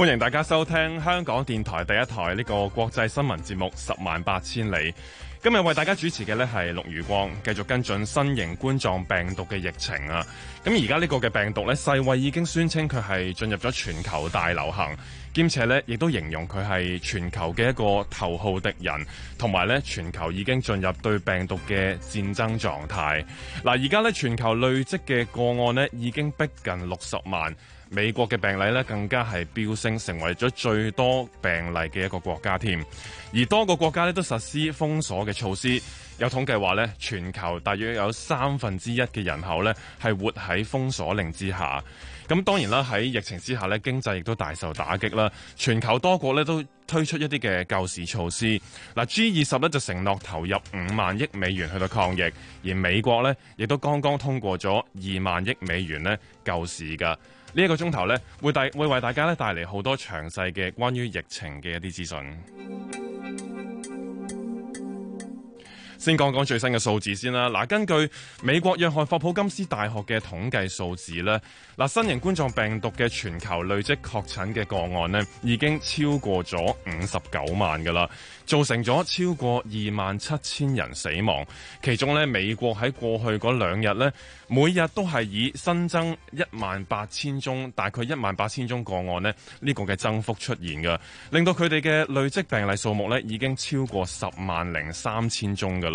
歡迎大家收聽香港電台第一台呢個國際新聞節目《十萬八千里》。今日為大家主持嘅咧係陸宇光，繼續跟進新型冠狀病毒嘅疫情啊！咁而家呢個嘅病毒咧，世衛已經宣稱佢係進入咗全球大流行，兼且咧亦都形容佢係全球嘅一個頭號敵人，同埋咧全球已經進入對病毒嘅戰爭狀態。嗱，而家咧全球累積嘅個案咧已經逼近六十萬。美國嘅病例咧更加係飆升，成為咗最多病例嘅一個國家添。而多個國家咧都實施封鎖嘅措施。有統計話咧，全球大約有三分之一嘅人口咧係活喺封鎖令之下。咁當然啦，喺疫情之下咧，經濟亦都大受打擊啦。全球多國咧都推出一啲嘅救市措施。嗱，G 二十咧就承諾投入五萬億美元去到抗疫，而美國呢，亦都剛剛通過咗二萬億美元咧救市嘅。呢、這、一個鐘頭咧會帶會為大家咧帶嚟好多詳細嘅關於疫情嘅一啲資訊。先講講最新嘅數字先啦。嗱，根據美國約翰霍普金斯大學嘅統計數字呢，嗱，新型冠狀病毒嘅全球累積確診嘅個案咧，已經超過咗五十九萬㗎喇，造成咗超過二萬七千人死亡。其中咧，美國喺過去嗰兩日呢，每日都係以新增一萬八千宗，大概一萬八千宗個案咧，呢、呢個嘅增幅出現嘅，令到佢哋嘅累積病例數目咧，已經超過十萬零三千宗㗎。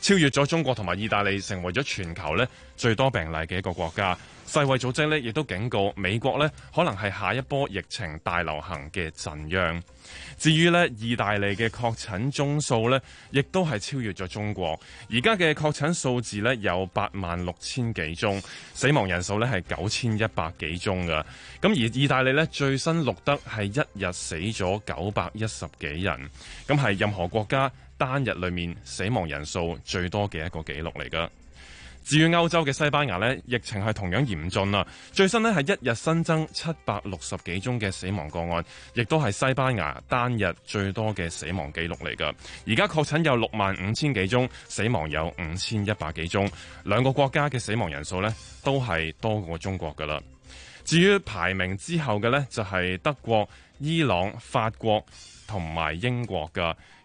超越咗中國同埋意大利，成為咗全球咧最多病例嘅一個國家。世衛組織咧亦都警告美國咧，可能係下一波疫情大流行嘅震央。至於咧意大利嘅確診宗數咧，亦都係超越咗中國。而家嘅確診數字咧有八萬六千幾宗，死亡人數咧係九千一百幾宗噶。咁而意大利咧最新錄得係一日死咗九百一十幾人。咁係任何國家。單日裏面死亡人數最多嘅一個紀錄嚟噶。至於歐洲嘅西班牙呢，疫情係同樣嚴峻啦。最新呢係一日新增七百六十幾宗嘅死亡個案，亦都係西班牙單日最多嘅死亡紀錄嚟噶。而家確診有六萬五千幾宗，死亡有五千一百幾宗。兩個國家嘅死亡人數呢，都係多過中國噶啦。至於排名之後嘅呢，就係德國、伊朗、法國同埋英國噶。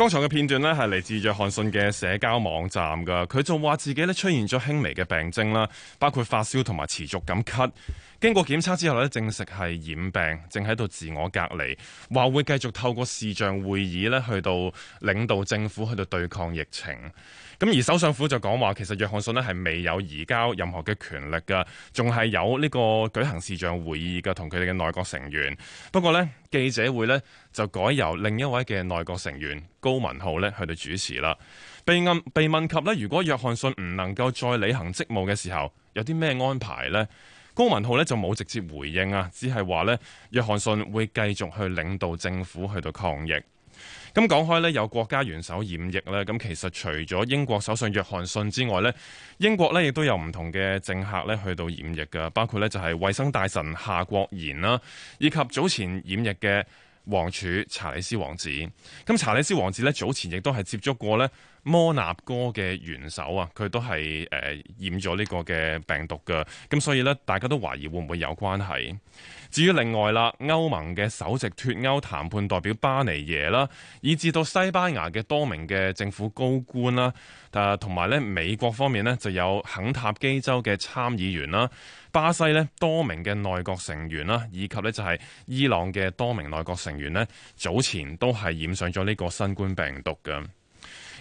剛才嘅片段咧，係嚟自約翰遜嘅社交網站噶，佢就話自己咧，出現咗輕微嘅病徵啦，包括發燒同埋持續咁咳。經過檢測之後咧，證實係染病，正喺度自我隔離，話會繼續透過視像會議咧，去到領導政府去到對抗疫情。咁而首相府就講話，其實約翰遜呢係未有移交任何嘅權力嘅，仲係有呢個舉行視像會議嘅同佢哋嘅內閣成員。不過呢，記者會呢就改由另一位嘅內閣成員高文浩呢去到主持啦。被問被問及呢，如果約翰遜唔能夠再履行職務嘅時候，有啲咩安排呢？高文浩呢就冇直接回應啊，只係話呢，約翰遜會繼續去領導政府去到抗疫。咁講開咧，有國家元首染疫咧，咁其實除咗英國首相約翰遜之外咧，英國咧亦都有唔同嘅政客咧去到染疫噶，包括咧就係衛生大臣夏國賢啦，以及早前染疫嘅。王儲查理斯王子，咁查理斯王子呢，早前亦都係接觸過呢摩納哥嘅元首啊，佢都係誒染咗呢個嘅病毒㗎，咁所以呢，大家都懷疑會唔會有關係。至於另外啦，歐盟嘅首席脫歐談判代表巴尼耶啦，以至到西班牙嘅多名嘅政府高官啦，誒同埋呢美國方面呢，就有肯塔基州嘅參議員啦。巴西呢多名嘅內閣成員啦，以及呢就係伊朗嘅多名內閣成員呢，早前都係染上咗呢個新冠病毒嘅。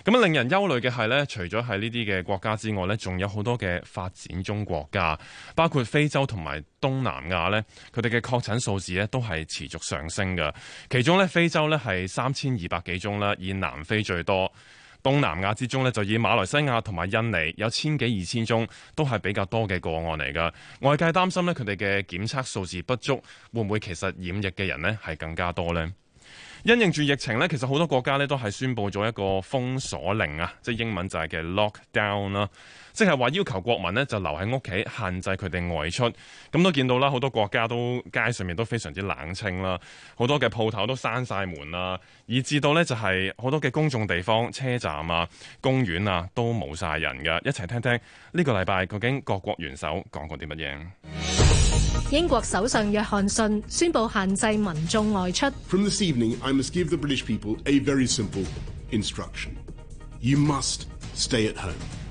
咁令人憂慮嘅係呢，除咗喺呢啲嘅國家之外呢，仲有好多嘅發展中國家，包括非洲同埋東南亞呢，佢哋嘅確診數字呢都係持續上升嘅。其中呢，非洲呢係三千二百幾宗啦，以南非最多。東南亞之中咧，就以馬來西亞同埋印尼有千幾二千宗，都係比較多嘅個案嚟㗎。外界擔心咧，佢哋嘅檢測數字不足，會唔會其實染疫嘅人咧係更加多呢？因應住疫情咧，其實好多國家咧都係宣布咗一個封鎖令啊，即係英文就係嘅 lockdown 啦。即係話要求國民呢就留喺屋企，限制佢哋外出。咁都見到啦，好多國家都街上面都非常之冷清啦，好多嘅鋪頭都閂晒門啦，以至到呢，就係、是、好多嘅公眾地方、車站啊、公園啊都冇晒人嘅。一齊聽聽呢、呢個禮拜究竟各國元首講過啲乜嘢？英國首相約翰遜宣布限制民眾外出。From this evening, I must give the British people a very simple instruction: you must stay at home.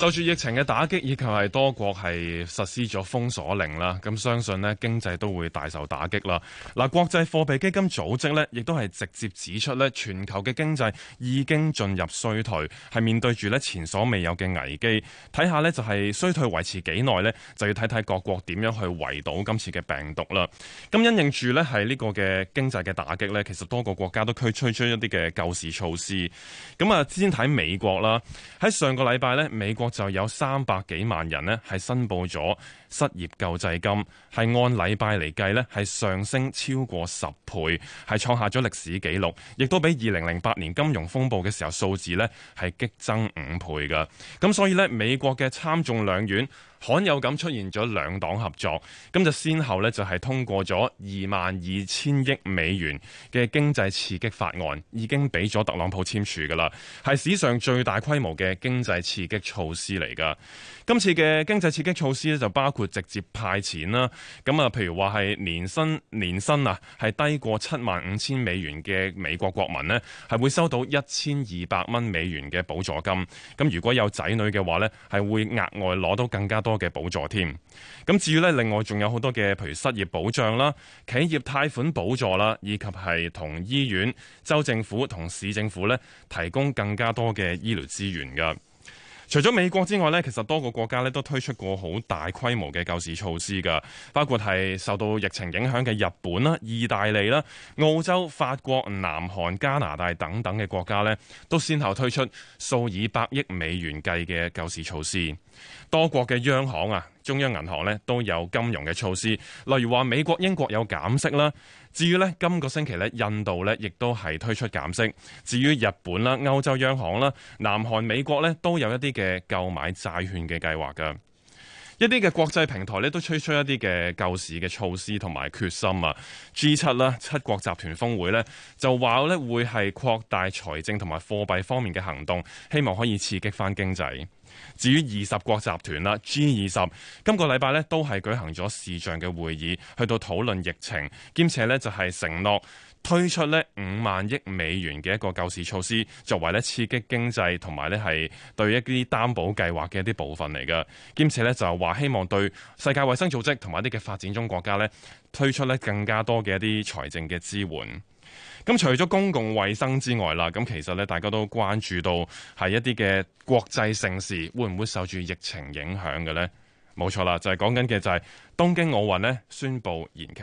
就住疫情嘅打擊，以及係多國係實施咗封鎖令啦，咁相信咧經濟都會大受打擊啦。嗱，國際貨幣基金組織咧，亦都係直接指出咧，全球嘅經濟已經進入衰退，係面對住咧前所未有嘅危機，睇下咧就係衰退維持幾耐咧，就要睇睇各國點樣去圍堵今次嘅病毒啦。咁因應住咧，係呢個嘅經濟嘅打擊咧，其實多個國家都區推出一啲嘅救市措施。咁啊，先睇美國啦，喺上個禮拜咧美國。就有三百幾萬人呢係申報咗失業救濟金，係按禮拜嚟計呢係上升超過十倍，係創下咗歷史紀錄，亦都比二零零八年金融風暴嘅時候數字呢係激增五倍㗎。咁所以呢，美國嘅參眾兩院。罕有咁出現咗兩黨合作，咁就先後呢，就係通過咗二萬二千億美元嘅經濟刺激法案，已經俾咗特朗普簽署噶啦，係史上最大規模嘅經濟刺激措施嚟噶。今次嘅經濟刺激措施呢，就包括直接派錢啦，咁啊，譬如話係年薪年薪啊係低過七萬五千美元嘅美國國民呢，係會收到一千二百蚊美元嘅補助金。咁如果有仔女嘅話呢，係會額外攞到更加多。多嘅補助添，咁至於呢，另外仲有好多嘅，譬如失業保障啦、企業貸款補助啦，以及係同醫院、州政府同市政府呢，提供更加多嘅醫療資源㗎。除咗美國之外呢，其實多個國家呢都推出過好大規模嘅救市措施㗎，包括係受到疫情影響嘅日本啦、意大利啦、澳洲、法國、南韓、加拿大等等嘅國家呢，都先後推出數以百億美元計嘅救市措施。多國嘅央行啊，中央銀行咧都有金融嘅措施，例如話美國、英國有減息啦。至於咧今個星期咧，印度咧亦都係推出減息。至於日本啦、歐洲央行啦、南韓、美國咧都有一啲嘅購買債券嘅計劃㗎。一啲嘅國際平台咧都推出一啲嘅救市嘅措施同埋決心啊！G 七啦，七國集團峰會咧就話咧會係擴大財政同埋貨幣方面嘅行動，希望可以刺激翻經濟。至於二十國集團啦，G 二十今個禮拜咧都係舉行咗視像嘅會議，去到討論疫情，兼且咧就係承諾。推出呢五萬億美元嘅一個救市措施，作為呢刺激經濟同埋呢係對一啲擔保計劃嘅一啲部分嚟㗎。兼且呢就話希望對世界衞生組織同埋一啲嘅發展中國家呢推出呢更加多嘅一啲財政嘅支援。咁除咗公共衞生之外啦，咁其實呢大家都關注到係一啲嘅國際盛事會唔會受住疫情影響嘅呢？冇錯啦，就係講緊嘅就係東京奧運呢宣布延期。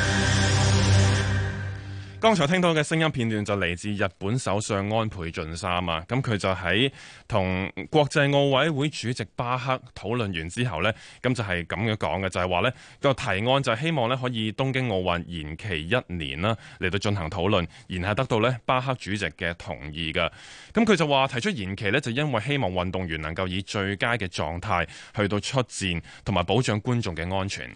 剛才聽到嘅聲音片段就嚟自日本首相安倍晉三啊，咁佢就喺同國際奧委會主席巴克討論完之後呢，咁就係咁樣講嘅，就係、是、話呢個提案就希望呢可以東京奧運延期一年啦、啊，嚟到進行討論，然後得到呢巴克主席嘅同意㗎，咁佢就話提出延期呢，就因為希望運動員能夠以最佳嘅狀態去到出戰，同埋保障觀眾嘅安全。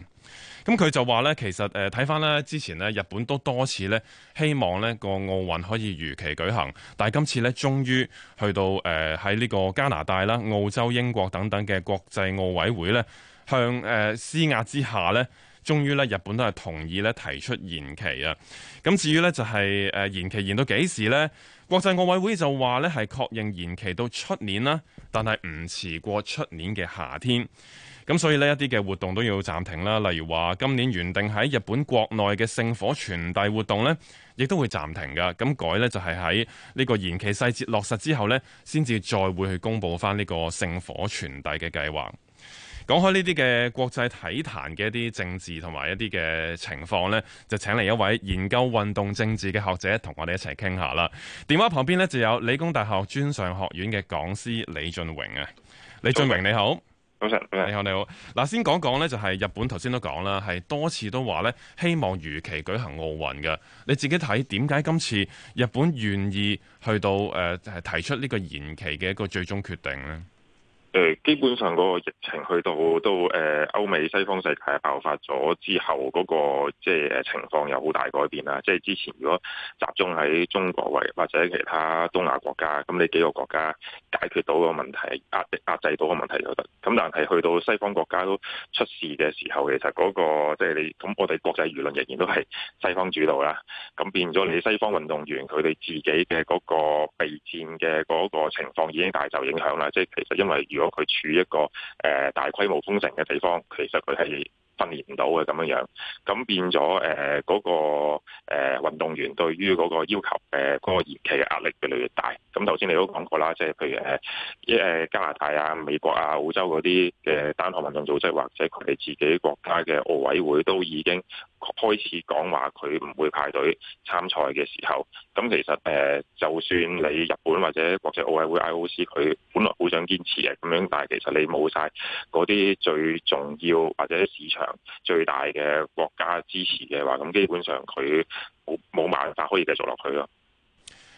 咁佢就話咧，其實誒睇翻呢之前呢，日本都多次呢，希望呢、呢個奧運可以如期舉行，但係今次呢，終於去到誒喺呢個加拿大啦、澳洲、英國等等嘅國際奧委會呢，向誒、呃、施壓之下呢，終於呢，日本都係同意呢提出延期啊。咁至於呢，就係、是、誒延期延到幾時呢？國際奧委會就話呢，係確認延期到出年啦，但係唔遲過出年嘅夏天。咁所以呢一啲嘅活動都要暫停啦，例如話，今年原定喺日本國內嘅聖火傳遞活動呢，亦都會暫停噶。咁改呢，就係喺呢個延期細節落實之後呢，先至再會去公布翻呢個聖火傳遞嘅計劃。講開呢啲嘅國際體壇嘅一啲政治同埋一啲嘅情況呢，就請嚟一位研究運動政治嘅學者同我哋一齊傾下啦。電話旁邊呢，就有理工大學專上學院嘅講師李峻嶸啊，李峻嶸你好。早晨，你好，你好。嗱，先講講咧，就係日本頭先都講啦，係多次都話咧，希望如期舉行奧運嘅。你自己睇點解今次日本願意去到誒、呃、提出呢個延期嘅一個最終決定呢？誒基本上嗰個疫情去到都誒歐美西方世界爆發咗之後，嗰個即係誒情況有好大改變啦。即係之前如果集中喺中國或，或者其他東亞國家，咁你幾個國家解決到個問題壓，壓制到個問題就得。咁但係去到西方國家都出事嘅時候，其實嗰個即係你，咁我哋國際輿論仍然都係西方主導啦。咁變咗你西方運動員佢哋自己嘅嗰個備戰嘅嗰個情況已經大受影響啦。即係其實因為如果佢處一個誒大規模封城嘅地方，其實佢係訓練唔到嘅咁樣樣，咁變咗誒嗰個誒、呃、運動員對於嗰個要求誒嗰、嗰個延期嘅壓力越嚟越大。咁頭先你都講過啦，即係譬如誒誒加拿大啊、美國啊、澳洲嗰啲嘅單項運動組織，或者佢哋自己國家嘅奧委會都已經開始講話佢唔會派隊參賽嘅時候，咁其實誒、呃、就算你日本或者國際奧委會 IOC 佢，本來好想堅持嘅咁樣，但係其實你冇晒嗰啲最重要或者市場最大嘅國家支持嘅話，咁基本上佢冇冇辦法可以繼續落去咯。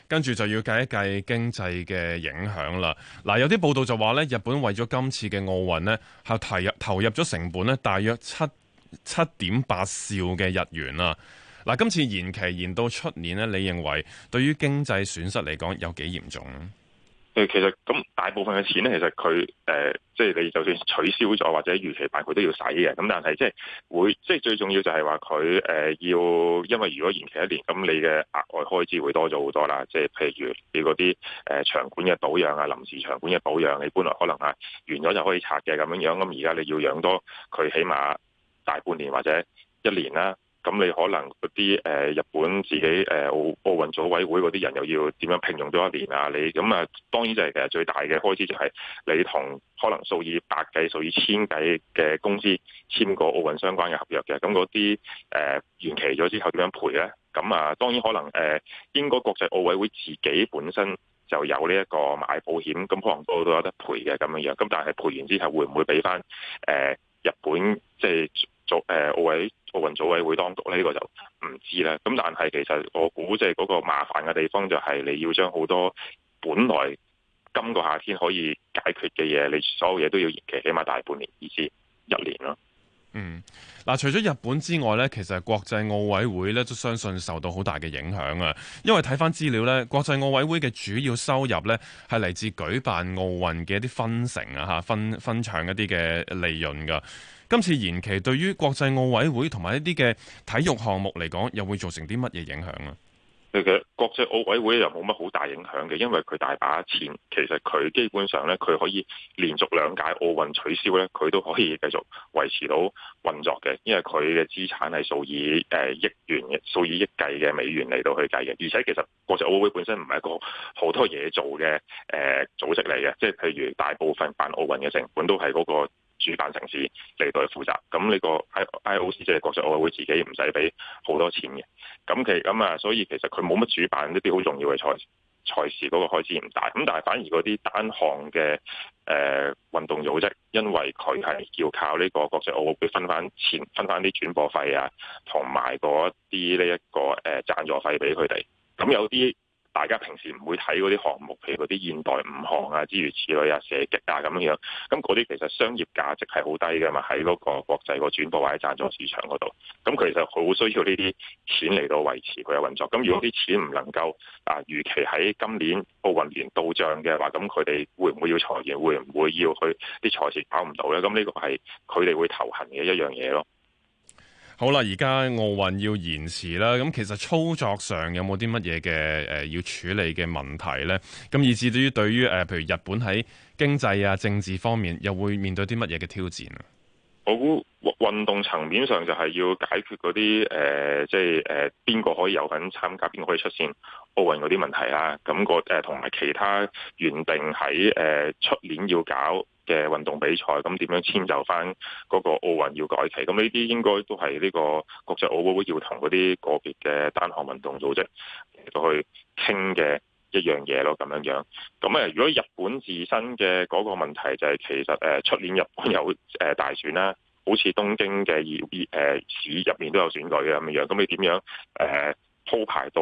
跟住就要計一計經濟嘅影響啦。嗱，有啲報道就話呢，日本為咗今次嘅奧運呢，係投入投入咗成本呢，大約七七點八兆嘅日元啦。嗱，今次延期延到出年呢，你認為對於經濟損失嚟講有幾嚴重？誒其實咁大部分嘅錢咧，其實佢誒即係你就算取消咗或者預期辦，佢都要使嘅。咁但係即係會即係、就是、最重要就係話佢誒要，因為如果延期一年，咁你嘅額外開支會多咗好多啦。即、就、係、是、譬如你嗰啲誒場館嘅保養啊，臨時場館嘅保養，你本來可能係、啊、完咗就可以拆嘅咁樣樣，咁而家你要養多佢起碼大半年或者一年啦。咁你可能嗰啲誒日本自己誒奧奧運組委會嗰啲人又要點樣聘用多一年啊？你咁啊，當然就係其實最大嘅開支就係你同可能數以百計數以千計嘅公司簽過奧運相關嘅合約嘅。咁嗰啲誒延期咗之後點樣賠咧？咁啊，當然可能誒應該國際奧委會自己本身就有呢一個買保險咁可能都都有得賠嘅咁樣樣，咁但係賠完之後會唔會俾翻誒日本即係。就是做誒、呃、奧委奧運組委會當局呢個就唔知啦。咁但係其實我估即係嗰個麻煩嘅地方就係你要將好多本來今個夏天可以解決嘅嘢，你所有嘢都要延期，起碼大半年，以至一年咯。嗯，嗱、啊，除咗日本之外呢，其實國際奧委會呢都相信受到好大嘅影響啊。因為睇翻資料呢，國際奧委會嘅主要收入呢，係嚟自舉辦奧運嘅一啲分成啊，嚇分分場一啲嘅利潤噶。今次延期對於國際奧委會同埋一啲嘅體育項目嚟講，又會造成啲乜嘢影響啊？其實國際奧委會又冇乜好大影響嘅，因為佢大把錢。其實佢基本上咧，佢可以連續兩屆奧運取消咧，佢都可以繼續維持到運作嘅，因為佢嘅資產係數以誒億元、數以億計嘅美元嚟到去計嘅。而且其實國際奧委會本身唔係一個好多嘢做嘅誒、呃、組織嚟嘅，即係譬如大部分辦奧運嘅成本都係嗰、那個主辦城市嚟到去負責，咁呢個 IOC 即係國際奧會自己唔使俾好多錢嘅，咁其咁啊，所以其實佢冇乜主辦呢啲好重要嘅賽賽事嗰個開支唔大，咁但係反而嗰啲單項嘅誒運動組織，因為佢係要靠呢個國際奧會分翻錢、分翻啲轉播費啊，同埋嗰啲呢一個誒贊助費俾佢哋，咁有啲。大家平時唔會睇嗰啲項目，譬如嗰啲現代五項啊、諸如此類啊、射擊啊咁樣，咁嗰啲其實商業價值係好低嘅嘛，喺嗰個國際個轉播或者贊助市場嗰度，咁其實好需要呢啲錢嚟到維持佢嘅運作。咁如果啲錢唔能夠啊預期喺今年奧運年到帳嘅話，咁佢哋會唔會要裁員？會唔會要去啲財政搞唔到咧？咁呢個係佢哋會頭痕嘅一樣嘢咯。好啦，而家奧運要延遲啦，咁其實操作上有冇啲乜嘢嘅誒要處理嘅問題咧？咁以至於對於誒、呃，譬如日本喺經濟啊、政治方面，又會面對啲乜嘢嘅挑戰啊？我估、呃、運動層面上就係要解決嗰啲誒，即係誒邊個可以有份參加，邊個可以出線奧運嗰啲問題啦。咁個誒同埋其他原定喺誒出年要搞嘅運動比賽咁點樣遷就翻嗰個奧運要改期？咁呢啲應該都係呢個國際奧委會要同嗰啲個別嘅單項運動組織都去傾嘅一樣嘢咯，咁樣樣。咁啊，如果日本自身嘅嗰個問題就係其實誒出、呃、年日本有誒、呃、大選啦，好似東京嘅二二、呃、市入面都有選舉啊咁樣。咁你點樣誒、呃、鋪排到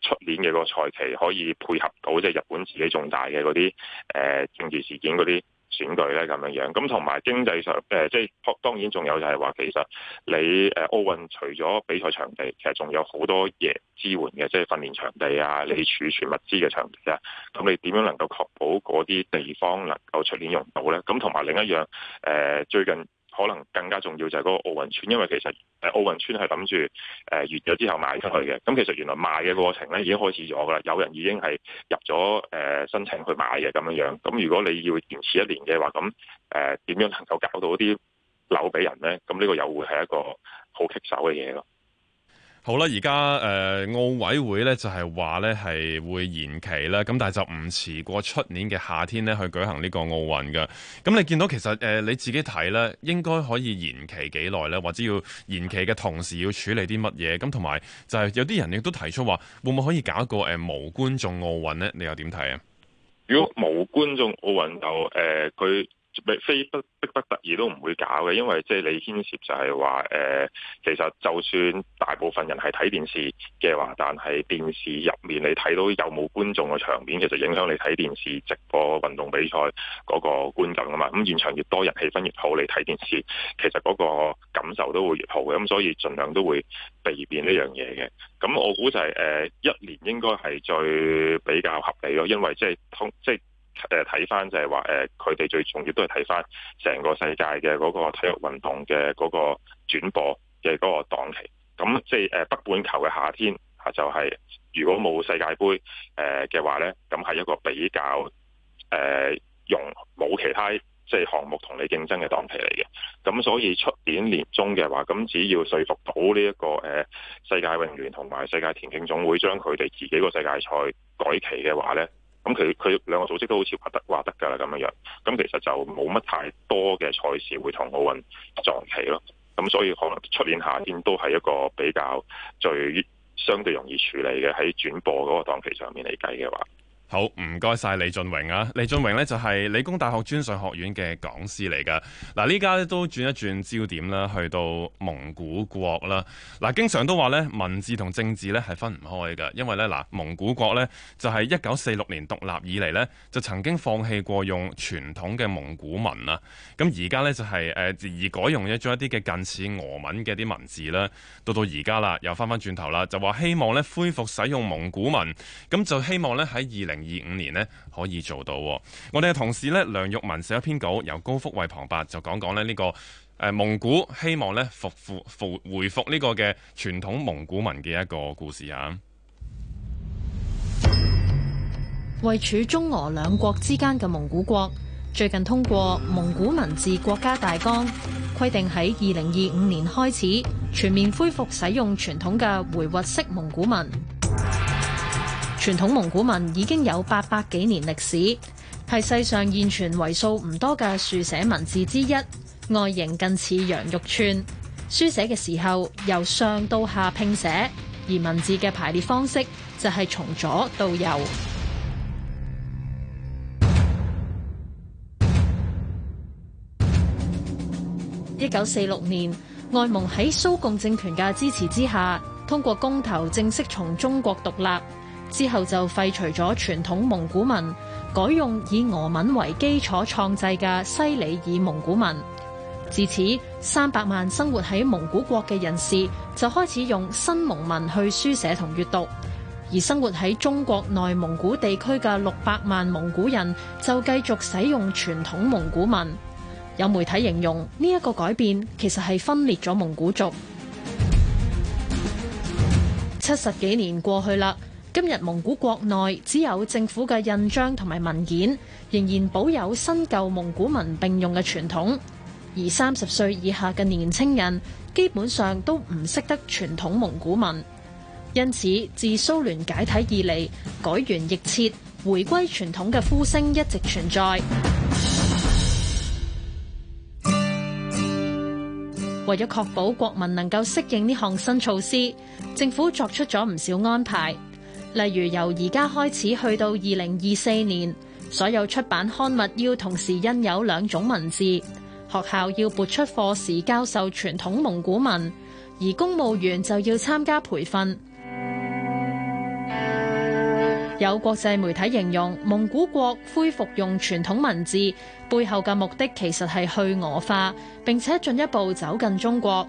出年嘅個賽期可以配合到即係、就是、日本自己重大嘅嗰啲誒政治事件嗰啲？選舉咧咁樣樣，咁同埋經濟上誒、呃，即係當然仲有就係話，其實你誒奧運除咗比賽場地，其實仲有好多嘢支援嘅，即係訓練場地啊，你儲存物資嘅場地啊，咁你點樣能夠確保嗰啲地方能夠出年用到咧？咁同埋另一樣誒、呃，最近，可能更加重要就係嗰個奧運村，因為其實誒奧運村係諗住誒完咗之後賣出去嘅。咁其實原來賣嘅過程咧已經開始咗噶啦，有人已經係入咗誒申請去買嘅咁樣樣。咁如果你要延遲一年嘅話，咁誒點樣能夠搞到啲樓俾人咧？咁呢個又會係一個好棘手嘅嘢咯。好啦，而家誒奧委會咧就係話咧係會延期啦。咁但係就唔遲過出年嘅夏天咧去舉行呢個奧運嘅。咁你見到其實誒、呃、你自己睇咧，應該可以延期幾耐咧，或者要延期嘅同時要處理啲乜嘢？咁同埋就係有啲人亦都提出話，會唔會可以搞一個誒、呃、無觀眾奧運咧？你又點睇啊？如果無觀眾奧運就誒佢。呃非不迫不得已都唔會搞嘅，因為即係你牽涉就係話誒，其實就算大部分人係睇電視嘅話，但係電視入面你睇到有冇觀眾嘅場面，其實影響你睇電視直播運動比賽嗰個觀感啊嘛。咁、嗯、現場越多人氣氛越好，你睇電視其實嗰個感受都會越好嘅。咁、嗯、所以盡量都會避免呢樣嘢嘅。咁我估就係、是、誒、呃、一年應該係最比較合理咯，因為即係通即係。就是就是誒睇翻就係話誒，佢哋最重要都係睇翻成個世界嘅嗰個體育運動嘅嗰個轉播嘅嗰個檔期。咁即係誒北半球嘅夏天嚇，就係如果冇世界盃誒嘅話咧，咁係一個比較誒、呃、用冇其他即係項目同你競爭嘅檔期嚟嘅。咁所以出年年中嘅話，咁只要說服到呢一個誒世界泳聯同埋世界田徑總會將佢哋自己個世界賽改期嘅話咧。咁佢佢兩個組織都好似話得、話得㗎喇，咁樣樣，咁其實就冇乜太多嘅賽事會同奧運撞期咯，咁所以可能出年夏天都係一個比較最相對容易處理嘅喺轉播嗰個檔期上面嚟計嘅話。好，唔該晒李峻嶸啊！李峻嶸咧，就係理工大學專上學院嘅講師嚟㗎。嗱，呢家咧，都轉一轉焦點啦，去到蒙古國啦。嗱，經常都話咧，文字同政治咧係分唔開㗎，因為咧，嗱蒙古國咧就係一九四六年獨立以嚟咧，就曾經放棄過用傳統嘅蒙古文啊。咁而家咧，就係誒而改用咗一啲嘅近似俄文嘅啲文字啦。到到而家啦，又翻翻轉頭啦，就話希望咧恢復使用蒙古文，咁就希望咧喺二零。二五年呢，可以做到。我哋嘅同事呢，梁鈺雯寫一篇稿，由高福慧旁白，就講講咧呢個誒、呃、蒙古希望呢，復復復恢復呢個嘅傳統蒙古文嘅一個故事啊！位處中俄兩國之間嘅蒙古國，最近通過蒙古文字國家大綱，規定喺二零二五年開始全面恢復使用傳統嘅回鶻式蒙古文。傳統蒙古文已經有八百幾年歷史，係世上現存為數唔多嘅豎寫文字之一。外形近似羊肉串，書寫嘅時候由上到下拼寫，而文字嘅排列方式就係從左到右。一九四六年，外蒙喺蘇共政權嘅支持之下，通過公投正式從中國獨立。之後就廢除咗傳統蒙古文，改用以俄文為基礎創制嘅西里爾蒙古文。至此，三百萬生活喺蒙古國嘅人士就開始用新蒙文去書寫同閱讀，而生活喺中國內蒙古地區嘅六百萬蒙古人就繼續使用傳統蒙古文。有媒體形容呢一個改變其實係分裂咗蒙古族。七十幾年過去啦。今日蒙古國內只有政府嘅印章同埋文件，仍然保有新舊蒙古文並用嘅傳統。而三十歲以下嘅年輕人基本上都唔識得傳統蒙古文，因此自蘇聯解體以嚟，改弦易轍回歸傳統嘅呼聲一直存在。為咗確保國民能夠適應呢項新措施，政府作出咗唔少安排。例如由而家開始去到二零二四年，所有出版刊物要同時印有兩種文字，學校要撥出課時教授傳統蒙古文，而公務員就要參加培訓。有國際媒體形容蒙古國恢復用傳統文字，背後嘅目的其實係去俄化，並且進一步走近中國。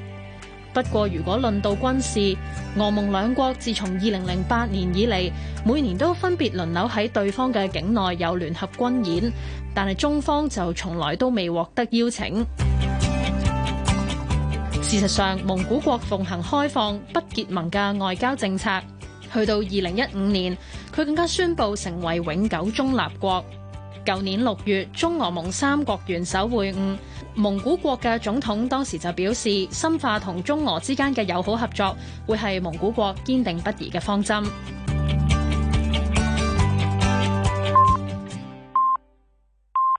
不過，如果論到軍事，俄蒙兩國自從二零零八年以嚟，每年都分別輪流喺對方嘅境內有聯合軍演，但係中方就從來都未獲得邀請。 事實上，蒙古國奉行開放不結盟嘅外交政策，去到二零一五年，佢更加宣布成為永久中立國。舊年六月，中俄蒙三國元首會晤。蒙古國嘅總統當時就表示，深化同中俄之間嘅友好合作，會係蒙古國堅定不移嘅方針。